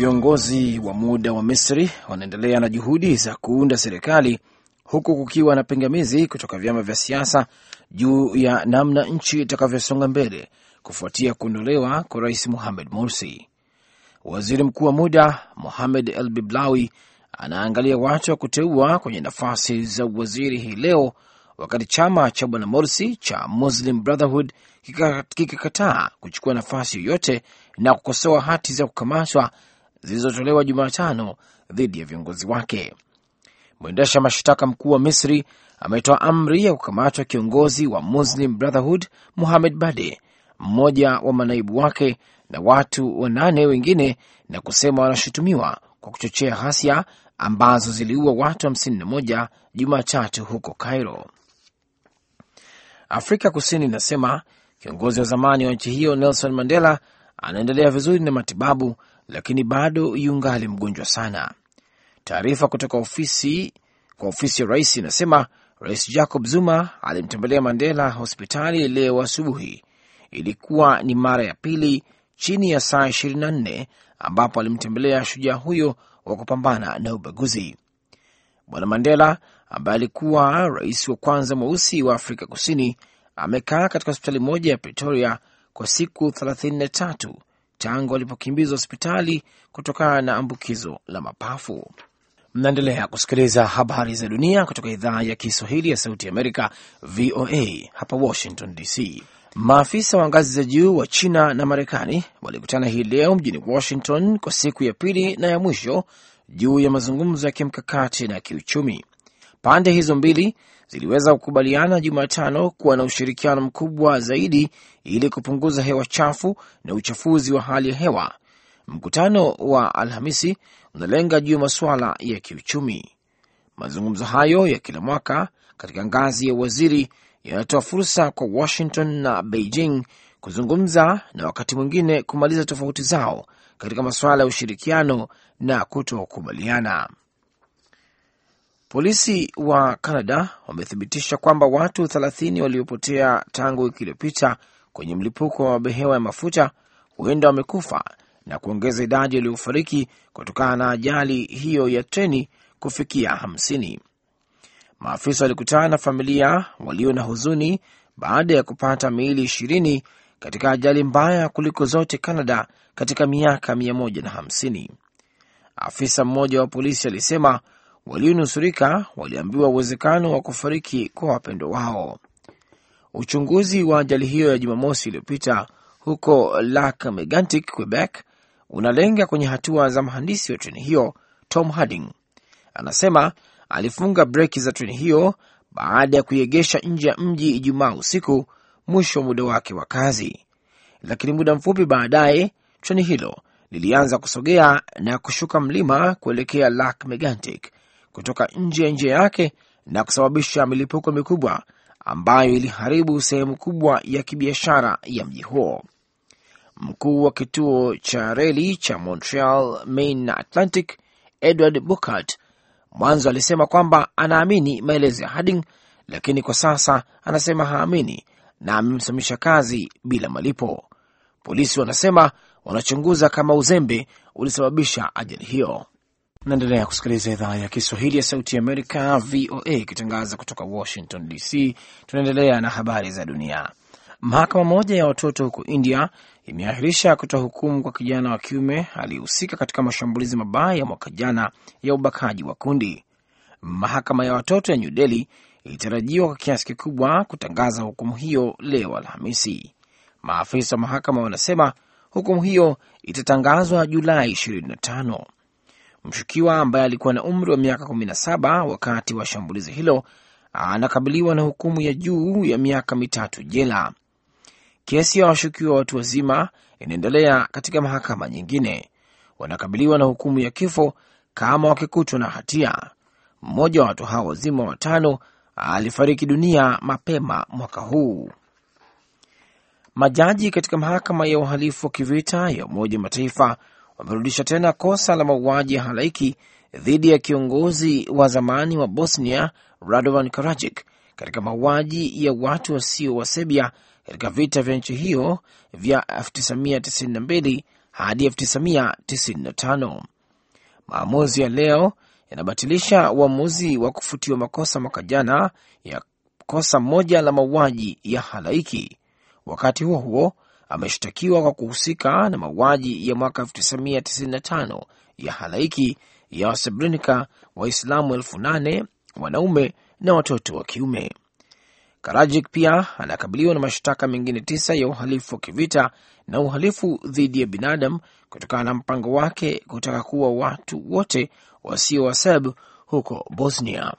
Viongozi wa muda wa Misri wanaendelea na juhudi za kuunda serikali huku kukiwa na pingamizi kutoka vyama vya siasa juu ya namna nchi itakavyosonga mbele kufuatia kuondolewa kwa rais Mohamed Morsi. Waziri mkuu wa muda Mohamed El Biblawi anaangalia watu wa kuteua kwenye nafasi za uwaziri hii leo, wakati chama cha bwana Morsi cha Muslim Brotherhood kikakataa kuchukua nafasi yoyote na kukosoa hati za kukamatwa zilizotolewa Jumatano dhidi ya viongozi wake. Mwendesha mashtaka mkuu wa Misri ametoa amri ya kukamatwa kiongozi wa Muslim Brotherhood Muhamed Bade, mmoja wa manaibu wake na watu wanane wengine, na kusema wanashutumiwa kwa kuchochea ghasia ambazo ziliua watu 51 Jumatatu huko Cairo. Afrika Kusini inasema kiongozi wa zamani wa nchi hiyo Nelson Mandela anaendelea vizuri na matibabu lakini bado yungali mgonjwa sana. Taarifa kutoka ofisi kwa ofisi ya rais inasema Rais Jacob Zuma alimtembelea Mandela hospitali leo asubuhi. Ilikuwa ni mara ya pili chini ya saa 24 ambapo alimtembelea shujaa huyo wa kupambana na ubaguzi. Bwana Mandela ambaye alikuwa rais wa kwanza mweusi wa Afrika Kusini amekaa katika hospitali moja ya Pretoria kwa siku 33 tangu alipokimbizwa hospitali kutokana na ambukizo la mapafu. Mnaendelea kusikiliza habari za dunia kutoka idhaa ya Kiswahili ya Sauti Amerika, VOA hapa Washington DC. Maafisa wa ngazi za juu wa China na Marekani walikutana hii leo mjini Washington kwa siku ya pili na ya mwisho juu ya mazungumzo ya kimkakati na kiuchumi. Pande hizo mbili ziliweza kukubaliana Jumatano kuwa na ushirikiano mkubwa zaidi ili kupunguza hewa chafu na uchafuzi wa hali ya hewa. Mkutano wa Alhamisi unalenga juu ya masuala ya kiuchumi. Mazungumzo hayo ya kila mwaka katika ngazi ya waziri yanatoa fursa kwa Washington na Beijing kuzungumza na wakati mwingine kumaliza tofauti zao katika masuala ya ushirikiano na kutokubaliana. Polisi wa Canada wamethibitisha kwamba watu 30 waliopotea tangu wiki iliyopita kwenye mlipuko wa mabehewa ya mafuta huenda wamekufa na kuongeza idadi waliofariki kutokana na ajali hiyo ya treni kufikia 50. Maafisa walikutana na familia walio na huzuni baada ya kupata miili 20 katika ajali mbaya kuliko zote Canada katika miaka 150. Afisa mmoja wa polisi alisema walionusurika waliambiwa uwezekano wa kufariki kwa wapendwa wao. Uchunguzi wa ajali hiyo ya Jumamosi iliyopita huko Lac Megantic, Quebec, unalenga kwenye hatua za mhandisi wa treni hiyo. Tom Harding anasema alifunga breki za treni hiyo baada ya kuiegesha nje ya mji Ijumaa usiku, mwisho wa muda wake wa kazi, lakini muda mfupi baadaye treni hilo lilianza kusogea na kushuka mlima kuelekea Lac Megantic kutoka nje ya njia yake na kusababisha milipuko mikubwa ambayo iliharibu sehemu kubwa ya kibiashara ya mji huo. Mkuu wa kituo cha reli cha Montreal, Maine na Atlantic, Edward Bouchard, mwanzo alisema kwamba anaamini maelezo ya Harding, lakini kwa sasa anasema haamini na amemsimamisha kazi bila malipo. Polisi wanasema wanachunguza kama uzembe ulisababisha ajali hiyo. Naendelea kusikiliza idhaa ya Kiswahili ya Sauti ya Amerika, VOA, ikitangaza kutoka Washington DC. Tunaendelea na habari za dunia. Mahakama moja ya watoto huko India imeahirisha kutoa hukumu kwa kijana wa kiume aliyehusika katika mashambulizi mabaya ya mwaka jana ya ubakaji wa kundi. Mahakama ya watoto ya New Delhi ilitarajiwa kwa kiasi kikubwa kutangaza hukumu hiyo leo Alhamisi. Maafisa wa mahakama wanasema hukumu hiyo itatangazwa Julai 25. Mshukiwa ambaye alikuwa na umri wa miaka 17 wakati wa shambulizi hilo anakabiliwa na hukumu ya juu ya miaka mitatu jela. Kesi ya washukiwa watu wazima inaendelea katika mahakama nyingine. Wanakabiliwa na hukumu ya kifo kama wakikutwa na hatia. Mmoja wa watu hao wazima watano alifariki dunia mapema mwaka huu. Majaji katika mahakama ya uhalifu wa kivita ya Umoja wa Mataifa wamerudisha tena kosa la mauaji ya halaiki dhidi ya kiongozi wa zamani wa Bosnia Radovan karajik katika mauaji ya watu wasio wa Serbia katika vita vya nchi hiyo vya 1992 hadi 1995. Maamuzi ya leo yanabatilisha uamuzi wa kufutiwa makosa mwaka jana ya kosa moja la mauaji ya halaiki. Wakati huo huo, ameshtakiwa kwa kuhusika na mauaji ya mwaka 1995 ya halaiki ya Wasrebrenica Waislamu elfu nane wanaume na watoto wa kiume. Karajik pia anakabiliwa na mashtaka mengine tisa ya uhalifu wa kivita na uhalifu dhidi ya binadamu kutokana na mpango wake kutaka kuwa watu wote wasio Waseb huko Bosnia.